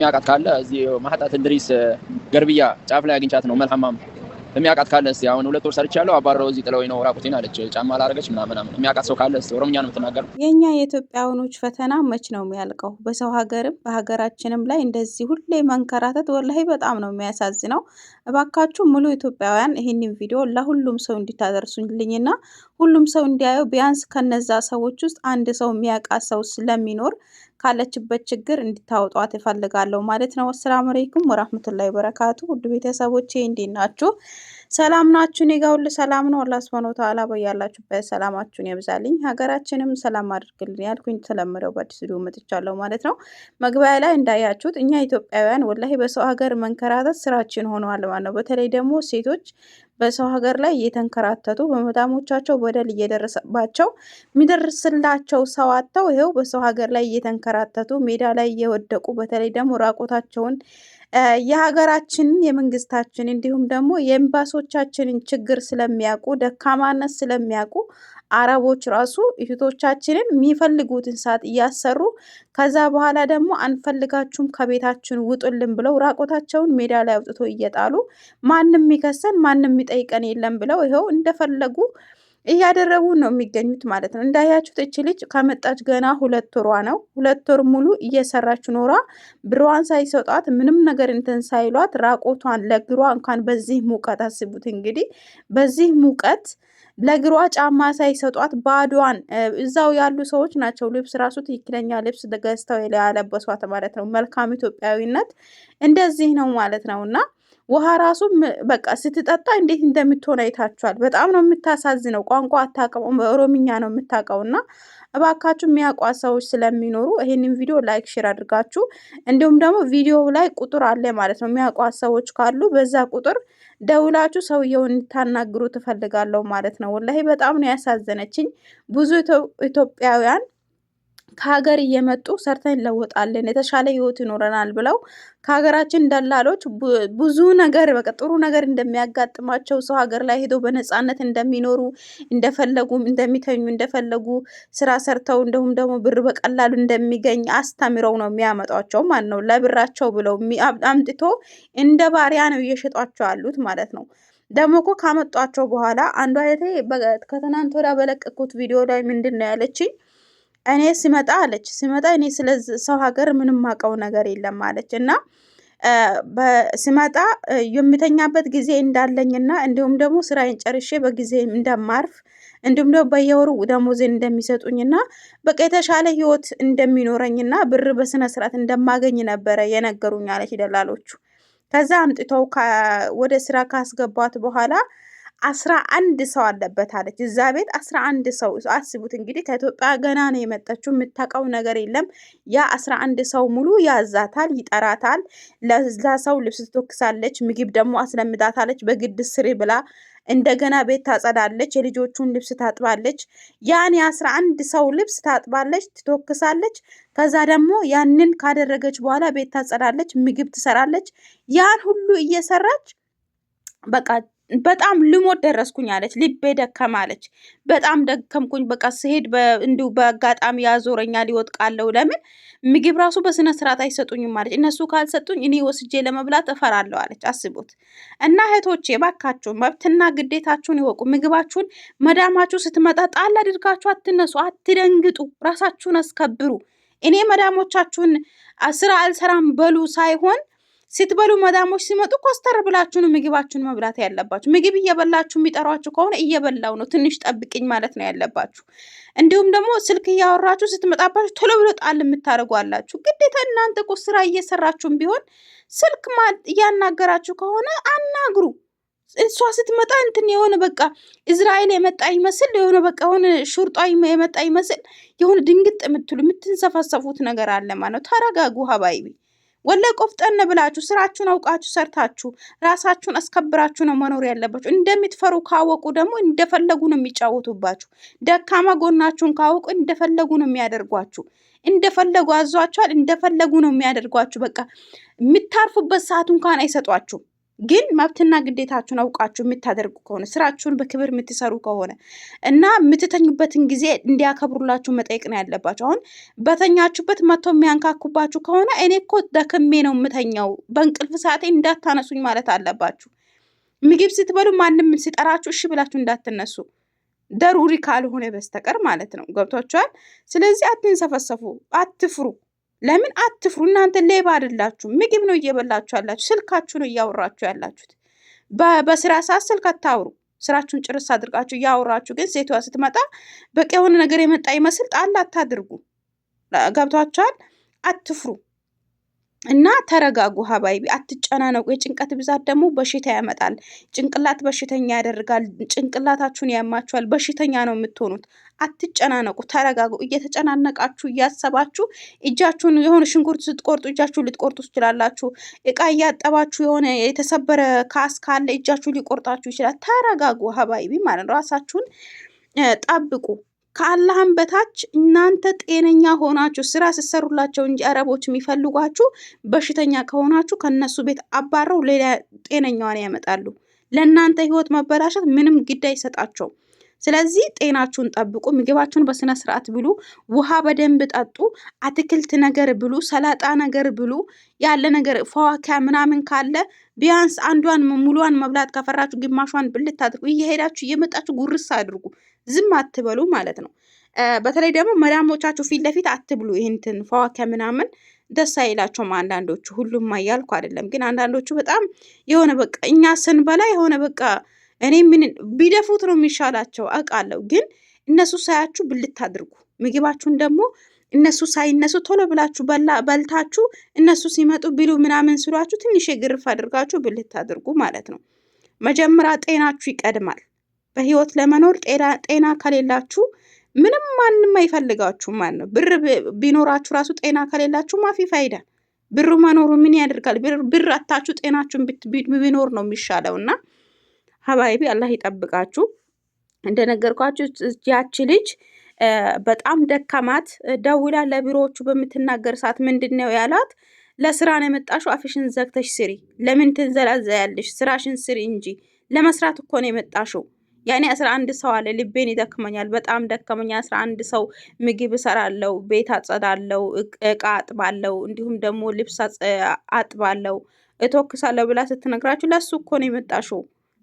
የሚያውቃት ካለ እዚህ ማህጣት እንድሪስ ገርብያ ጫፍ ላይ አግኝቻት ነው መልሐማም የሚያውቃት ካለ እስኪ አሁን ሁለት ወር ሰርቻለሁ አባረው እዚህ ጥለውኝ ነው ራቁቴን አለች። ጫማ ላረገች ምናምን የሚያውቃት ሰው ካለ እስኪ ኦሮምኛ ነው የምትናገር። የእኛ የኢትዮጵያውያኖች ፈተና መች ነው የሚያልቀው? በሰው ሀገርም በሀገራችንም ላይ እንደዚህ ሁሌ መንከራተት ወላሂ በጣም ነው የሚያሳዝነው። እባካችሁ ሙሉ ኢትዮጵያውያን ይህንን ቪዲዮ ለሁሉም ሰው እንዲታደርሱልኝና ሁሉም ሰው እንዲያየው ቢያንስ ከነዛ ሰዎች ውስጥ አንድ ሰው የሚያውቃት ሰው ስለሚኖር ካለችበት ችግር እንድታወጧት እፈልጋለሁ ማለት ነው። አሰላሙ አለይኩም ወራህመቱላሂ ወበረካቱ። ውድ ቤተሰቦቼ እንዴት ናችሁ? ሰላም ናችሁ? እኔ ጋር ሁሉ ሰላም ነው። አላህ ሱብሐነሁ ወተዓላ በያላችሁበት ሰላማችሁን ያብዛልኝ፣ ሀገራችንም ሰላም አድርግልኝ ያልኩኝ ተለምደው በአዲስ ቪዲዮ መጥቻለሁ ማለት ነው። መግቢያ ላይ እንዳያችሁት እኛ ኢትዮጵያውያን ወላሂ በሰው ሀገር መንከራተት ስራችን ሆነዋል ማለት ነው። በተለይ ደግሞ ሴቶች በሰው ሀገር ላይ እየተንከራተቱ በመዳሞቻቸው በደል እየደረሰባቸው የሚደርስላቸው ሰው አጥተው ይኸው በሰው ሀገር ላይ እየተንከራተቱ ሜዳ ላይ እየወደቁ በተለይ ደግሞ ራቆታቸውን የሀገራችንን የመንግስታችን እንዲሁም ደግሞ የኤምባሶቻችንን ችግር ስለሚያውቁ ደካማነት ስለሚያውቁ አረቦች ራሱ እህቶቻችንን የሚፈልጉትን ሰዓት እያሰሩ ከዛ በኋላ ደግሞ አንፈልጋችሁም ከቤታችን ውጡልን ብለው ራቆታቸውን ሜዳ ላይ አውጥቶ እየጣሉ ማንም የሚከሰን ማንም የሚጠይቀን የለም ብለው ይኸው እንደፈለጉ እያደረጉ ነው የሚገኙት ማለት ነው። እንዳያችሁት እች ልጅ ከመጣች ገና ሁለት ወሯ ነው። ሁለት ወር ሙሉ እየሰራች ኖሯ ብሯን ሳይሰጧት ምንም ነገር እንትን ሳይሏት ራቆቷን ለግሯ እንኳን በዚህ ሙቀት አስቡት እንግዲህ በዚህ ሙቀት ለግሯ ጫማ ሳይሰጧት ባዷን እዛው ያሉ ሰዎች ናቸው ልብስ ራሱ ትክክለኛ ልብስ ገዝተው ያለበሷት ማለት ነው። መልካም ኢትዮጵያዊነት እንደዚህ ነው ማለት ነው እና ውሃ ራሱ በቃ ስትጠጣ እንዴት እንደምትሆን አይታችኋል። በጣም ነው የምታሳዝነው። ቋንቋ አታውቅም፣ ኦሮምኛ ነው የምታውቀው። እና እባካችሁ የሚያውቋ ሰዎች ስለሚኖሩ ይሄንን ቪዲዮ ላይክ፣ ሼር አድርጋችሁ እንዲሁም ደግሞ ቪዲዮ ላይ ቁጥር አለ ማለት ነው። የሚያውቋ ሰዎች ካሉ በዛ ቁጥር ደውላችሁ ሰውየውን እንድታናግሩ ትፈልጋለሁ ማለት ነው። ወላሂ በጣም ነው ያሳዘነችኝ ብዙ ኢትዮጵያውያን ከሀገር እየመጡ ሰርተን እንለወጣለን የተሻለ ህይወት ይኖረናል ብለው ከሀገራችን ደላሎች ብዙ ነገር በቃ ጥሩ ነገር እንደሚያጋጥማቸው ሰው ሀገር ላይ ሄደው በነፃነት እንደሚኖሩ እንደፈለጉ እንደሚተኙ እንደፈለጉ ስራ ሰርተው እንደሁም ደግሞ ብር በቀላሉ እንደሚገኝ አስተምረው ነው የሚያመጧቸው ማለት ነው። ለብራቸው ብለው አምጥቶ እንደ ባሪያ ነው እየሸጧቸው ያሉት ማለት ነው። ደግሞ እኮ ካመጧቸው በኋላ አንዷ እህቴ ከትናንት ወዲያ በለቀኩት ቪዲዮ ላይ ምንድን ነው ያለችኝ? እኔ ስመጣ አለች ስመጣ እኔ ስለ ሰው ሀገር ምንም ማቀው ነገር የለም አለች እና ስመጣ የሚተኛበት ጊዜ እንዳለኝና እንዲሁም ደግሞ ስራዬን ጨርሼ በጊዜ እንደማርፍ እንዲሁም ደግሞ በየወሩ ደሞዜን እንደሚሰጡኝና በቃ የተሻለ ህይወት እንደሚኖረኝና ብር በስነ ስርዓት እንደማገኝ ነበረ የነገሩኝ አለች ደላሎቹ። ከዛ አምጥተው ወደ ስራ ካስገቧት በኋላ አስራ አንድ ሰው አለበት አለች። እዛ ቤት አስራ አንድ ሰው አስቡት እንግዲህ ከኢትዮጵያ ገና ነው የመጣችው፣ የምታውቀው ነገር የለም። ያ አስራ አንድ ሰው ሙሉ ያዛታል፣ ይጠራታል። ለዛ ሰው ልብስ ትቶክሳለች ምግብ ደግሞ አስለምዳታለች። በግድ ስሪ ብላ እንደገና ቤት ታጸዳለች፣ የልጆቹን ልብስ ታጥባለች። ያን የአስራ አንድ ሰው ልብስ ታጥባለች፣ ትቶክሳለች። ከዛ ደግሞ ያንን ካደረገች በኋላ ቤት ታጸዳለች፣ ምግብ ትሰራለች። ያን ሁሉ እየሰራች በቃ በጣም ልሞት ደረስኩኝ አለች። ልቤ ደከም አለች። በጣም ደከምኩኝ። በቃ ስሄድ እንዲሁ በአጋጣሚ ያዞረኛ ይወጥቃለሁ። ለምን ምግብ ራሱ በስነ ስርዓት አይሰጡኝም አለች። እነሱ ካልሰጡኝ እኔ ወስጄ ለመብላት እፈራለሁ አለች። አስቡት። እና እህቶቼ እባካችሁ መብትና ግዴታችሁን ይወቁ። ምግባችሁን መዳማችሁ ስትመጣ ጣል አድርጋችሁ አትነሱ፣ አትደንግጡ፣ ራሳችሁን አስከብሩ። እኔ መዳሞቻችሁን ስራ አልሰራም በሉ ሳይሆን ስትበሉ መዳሞች ሲመጡ ኮስተር ብላችሁ ነው ምግባችሁን መብላት ያለባችሁ። ምግብ እየበላችሁ የሚጠሯችሁ ከሆነ እየበላው ነው ትንሽ ጠብቅኝ ማለት ነው ያለባችሁ። እንዲሁም ደግሞ ስልክ እያወራችሁ ስትመጣባችሁ ቶሎ ብሎ ጣል የምታደርጉ አላችሁ። ግዴታ እናንተ እኮ ስራ እየሰራችሁም ቢሆን ስልክ እያናገራችሁ ከሆነ አናግሩ። እሷ ስትመጣ እንትን የሆነ በቃ እስራኤል የመጣ ይመስል የሆነ በቃ የሆነ ሹርጧ የመጣ ይመስል የሆነ ድንግጥ የምትሉ የምትንሰፈሰፉት ነገር አለ ማለት ነው። ተረጋጉ ሀባይቢ ወላሂ ቆፍጠን ብላችሁ ስራችሁን አውቃችሁ ሰርታችሁ ራሳችሁን አስከብራችሁ ነው መኖር ያለባችሁ። እንደምትፈሩ ካወቁ ደግሞ እንደፈለጉ ነው የሚጫወቱባችሁ። ደካማ ጎናችሁን ካወቁ እንደፈለጉ ነው የሚያደርጓችሁ። እንደፈለጉ አዟችኋል፣ እንደፈለጉ ነው የሚያደርጓችሁ። በቃ የምታርፉበት ሰዓት እንኳን አይሰጧችሁም። ግን መብትና ግዴታችሁን አውቃችሁ የምታደርጉ ከሆነ ስራችሁን በክብር የምትሰሩ ከሆነ እና የምትተኙበትን ጊዜ እንዲያከብሩላችሁ መጠየቅ ነው ያለባቸው። አሁን በተኛችሁበት መጥቶ የሚያንካኩባችሁ ከሆነ እኔ እኮ ደክሜ ነው የምተኛው፣ በእንቅልፍ ሰዓቴ እንዳታነሱኝ ማለት አለባችሁ። ምግብ ስትበሉ ማንም ሲጠራችሁ እሺ ብላችሁ እንዳትነሱ ደሩሪ ካልሆነ በስተቀር ማለት ነው። ገብቷችኋል? ስለዚህ አትንሰፈሰፉ፣ አትፍሩ። ለምን አትፍሩ? እናንተ ሌባ አይደላችሁ? ምግብ ነው እየበላችሁ ያላችሁ፣ ስልካችሁ ነው እያወራችሁ ያላችሁት። በስራ ሰዓት ስልክ አታውሩ። ስራችሁን ጭርስ አድርጋችሁ እያወራችሁ ግን ሴቷ ስትመጣ በቃ የሆነ ነገር የመጣ ይመስል ጣል አታድርጉ። ገብቷችኋል? አትፍሩ። እና ተረጋጉ ሀባይቢ፣ አትጨናነቁ። የጭንቀት ብዛት ደግሞ በሽታ ያመጣል። ጭንቅላት በሽተኛ ያደርጋል። ጭንቅላታችሁን ያማችኋል። በሽተኛ ነው የምትሆኑት። አትጨናነቁ፣ ተረጋጉ። እየተጨናነቃችሁ እያሰባችሁ እጃችሁን የሆነ ሽንኩርት ስትቆርጡ እጃችሁን ልትቆርጡ ትችላላችሁ። እቃ እያጠባችሁ የሆነ የተሰበረ ካስ ካለ እጃችሁ ሊቆርጣችሁ ይችላል። ተረጋጉ ሀባይቢ ማለት ነው። ራሳችሁን ጠብቁ። ከአላህም በታች እናንተ ጤነኛ ሆናችሁ ስራ ስትሰሩላቸው እንጂ አረቦች የሚፈልጓችሁ በሽተኛ ከሆናችሁ ከነሱ ቤት አባረው ሌላ ጤነኛዋን ያመጣሉ። ለእናንተ ህይወት መበላሸት ምንም ግድ አይሰጣቸውም። ስለዚህ ጤናችሁን ጠብቁ። ምግባችሁን በስነ ስርዓት ብሉ። ውሃ በደንብ ጠጡ። አትክልት ነገር ብሉ። ሰላጣ ነገር ብሉ። ያለ ነገር ፈዋካ ምናምን ካለ ቢያንስ አንዷን ሙሉዋን መብላት ከፈራችሁ ግማሿን ብልት አድርጉ። እየሄዳችሁ እየመጣችሁ ጉርስ አድርጉ። ዝም አትበሉ ማለት ነው። በተለይ ደግሞ መዳሞቻችሁ ፊት ለፊት አትብሉ። ይህንትን ፈዋከ ምናምን ደስ አይላቸውም አንዳንዶቹ። ሁሉም እያልኩ አይደለም ግን አንዳንዶቹ በጣም የሆነ በቃ እኛ ስንበላ የሆነ በቃ እኔ ምን ቢደፉት ነው የሚሻላቸው አውቃለሁ። ግን እነሱ ሳያችሁ ብልት አድርጉ ምግባችሁን ደግሞ እነሱ ሳይነሱ ቶሎ ብላችሁ በልታችሁ እነሱ ሲመጡ ብሉ ምናምን ስሏችሁ ትንሽ የግርፍ አድርጋችሁ ብልት አድርጉ ማለት ነው። መጀመሪያ ጤናችሁ ይቀድማል። በህይወት ለመኖር ጤና ከሌላችሁ ምንም ማንም አይፈልጋችሁ ማለት ነው። ብር ቢኖራችሁ ራሱ ጤና ከሌላችሁ ማፊ ፋይዳ። ብሩ መኖሩ ምን ያደርጋል? ብር አታችሁ ጤናችሁን ቢኖር ነው የሚሻለው። እና ሀባይቢ አላህ ይጠብቃችሁ። እንደነገርኳችሁ ያቺ ልጅ በጣም ደካማት። ደውላ ለቢሮዎቹ በምትናገር ሰዓት ምንድን ነው ያላት? ለስራ ነው የመጣሽው? አፍሽን ዘግተሽ ስሪ። ለምን ትንዘላዘያለሽ? ስራሽን ስሪ እንጂ ለመስራት እኮ ነው የመጣሽው። ያኔ አስራ አንድ ሰው አለ ልቤን ይደክመኛል፣ በጣም ደከመኛ። አስራ አንድ ሰው ምግብ እሰራለሁ፣ ቤት አጸዳለው፣ እቃ አጥባለው፣ እንዲሁም ደግሞ ልብስ አጥባለው፣ እቶክሳለሁ ብላ ስትነግራችሁ ለሱ እኮ ነው የመጣሽው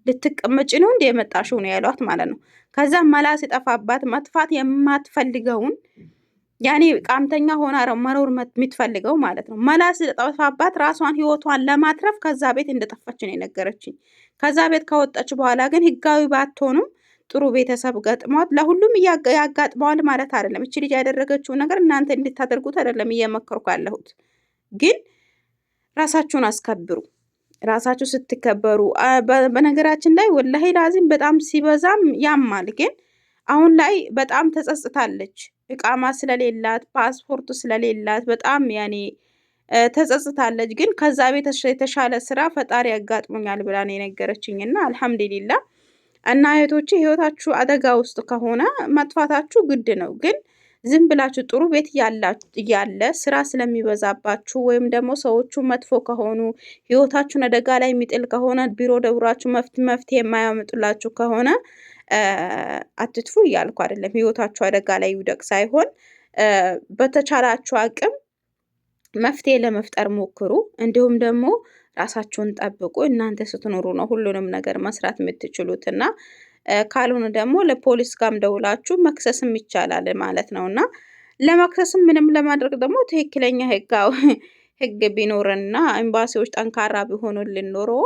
ልትቀመጭ ነው እንደ የመጣሽው ነው ያሏት ማለት ነው። ከዛ መላ ሲጠፋባት መጥፋት የማትፈልገውን ያኔ ቃምተኛ ሆና መኖር የምትፈልገው ማለት ነው። መላ ስለጠፋባት ራሷን ህይወቷን ለማትረፍ ከዛ ቤት እንደጠፋች ነው የነገረችኝ። ከዛ ቤት ከወጣች በኋላ ግን ህጋዊ ባትሆንም ጥሩ ቤተሰብ ገጥሟት ለሁሉም ያጋጥመዋል ማለት አይደለም። እቺ ልጅ ያደረገችው ነገር እናንተ እንድታደርጉት አይደለም እየመከርኩ ያለሁት፣ ግን ራሳችሁን አስከብሩ። ራሳችሁ ስትከበሩ በነገራችን ላይ ወላሂ ላዚም በጣም ሲበዛም ያማል። ግን አሁን ላይ በጣም ተጸጽታለች። እቃማ ስለሌላት ፓስፖርቱ ስለሌላት በጣም ያኔ ተጸጽታለች። ግን ከዛ ቤት የተሻለ ስራ ፈጣሪ ያጋጥሞኛል ብላ ነው የነገረችኝ እና አልሐምዱሊላ እና እህቶች ህይወታችሁ አደጋ ውስጥ ከሆነ መጥፋታችሁ ግድ ነው። ግን ዝም ብላችሁ ጥሩ ቤት እያለ ስራ ስለሚበዛባችሁ ወይም ደግሞ ሰዎቹ መጥፎ ከሆኑ ህይወታችሁን አደጋ ላይ የሚጥል ከሆነ ቢሮ ደውራችሁ መፍትሄ የማያመጡላችሁ ከሆነ አትጥፉ እያልኩ አይደለም። ህይወታችሁ አደጋ ላይ ይውደቅ ሳይሆን በተቻላችሁ አቅም መፍትሄ ለመፍጠር ሞክሩ። እንዲሁም ደግሞ ራሳችሁን ጠብቁ። እናንተ ስትኖሩ ነው ሁሉንም ነገር መስራት የምትችሉት እና ካልሆነ ደግሞ ለፖሊስ ጋም ደውላችሁ መክሰስም ይቻላል ማለት ነው እና ለመክሰስም ምንም ለማድረግ ደግሞ ትክክለኛ ህግ ቢኖርና ኤምባሲዎች ጠንካራ ቢሆኑ ልንኖረው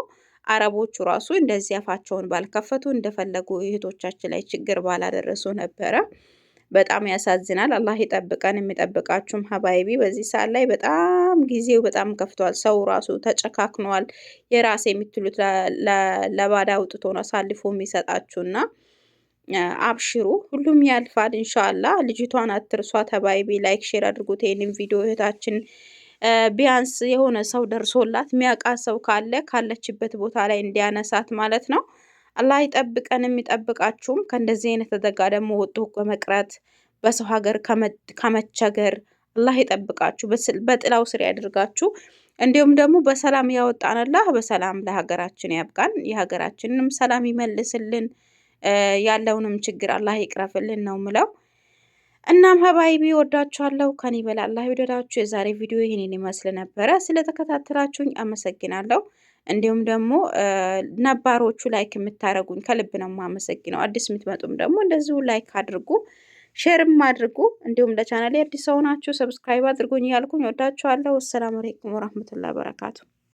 አረቦቹ ራሱ እንደዚህ አፋቸውን ባልከፈቱ እንደፈለጉ እህቶቻችን ላይ ችግር ባላደረሱ ነበረ። በጣም ያሳዝናል። አላህ ይጠብቀን፣ የሚጠብቃችሁም ሀባይቢ። በዚህ ሰዓት ላይ በጣም ጊዜው በጣም ከፍቷል። ሰው ራሱ ተጨካክኗል። የራሴ የምትሉት ለባዳ አውጥቶ ነው አሳልፎ የሚሰጣችሁና አብሽሩ፣ ሁሉም ያልፋል። እንሻላ ልጅቷን አትርሷ። ተባይቢ ላይክ ሼር አድርጉት ይህንን ቪዲዮ እህታችን ቢያንስ የሆነ ሰው ደርሶላት ሚያቃ ሰው ካለ ካለችበት ቦታ ላይ እንዲያነሳት ማለት ነው። አላህ ይጠብቀን፣ የሚጠብቃችሁም ከእንደዚህ አይነት አደጋ ደግሞ ወጥቶ በመቅረት በሰው ሀገር ከመቸገር አላህ ይጠብቃችሁ፣ በጥላው ስር ያደርጋችሁ። እንዲሁም ደግሞ በሰላም ያወጣን አላህ በሰላም ለሀገራችን ያብቃን፣ የሀገራችንንም ሰላም ይመልስልን፣ ያለውንም ችግር አላህ ይቅረፍልን ነው ምለው። እናም ሀባይቢ ወዳችኋለሁ፣ ከኔ በላይ አላህ ይውደዳችሁ። የዛሬ ቪዲዮ ይህንን ይመስል ነበረ። ስለተከታተላችሁኝ አመሰግናለሁ። እንዲሁም ደግሞ ነባሮቹ ላይክ የምታደረጉኝ ከልብ ነው የማመሰግነው። አዲስ የምትመጡም ደግሞ እንደዚሁ ላይክ አድርጉ፣ ሼርም አድርጉ። እንዲሁም ለቻናሌ አዲስ ሰው ናችሁ ሰብስክራይብ አድርጉኝ እያልኩኝ ወዳችኋለሁ። አሰላሙ አለይኩም ወራህመቱላሂ በረካቱ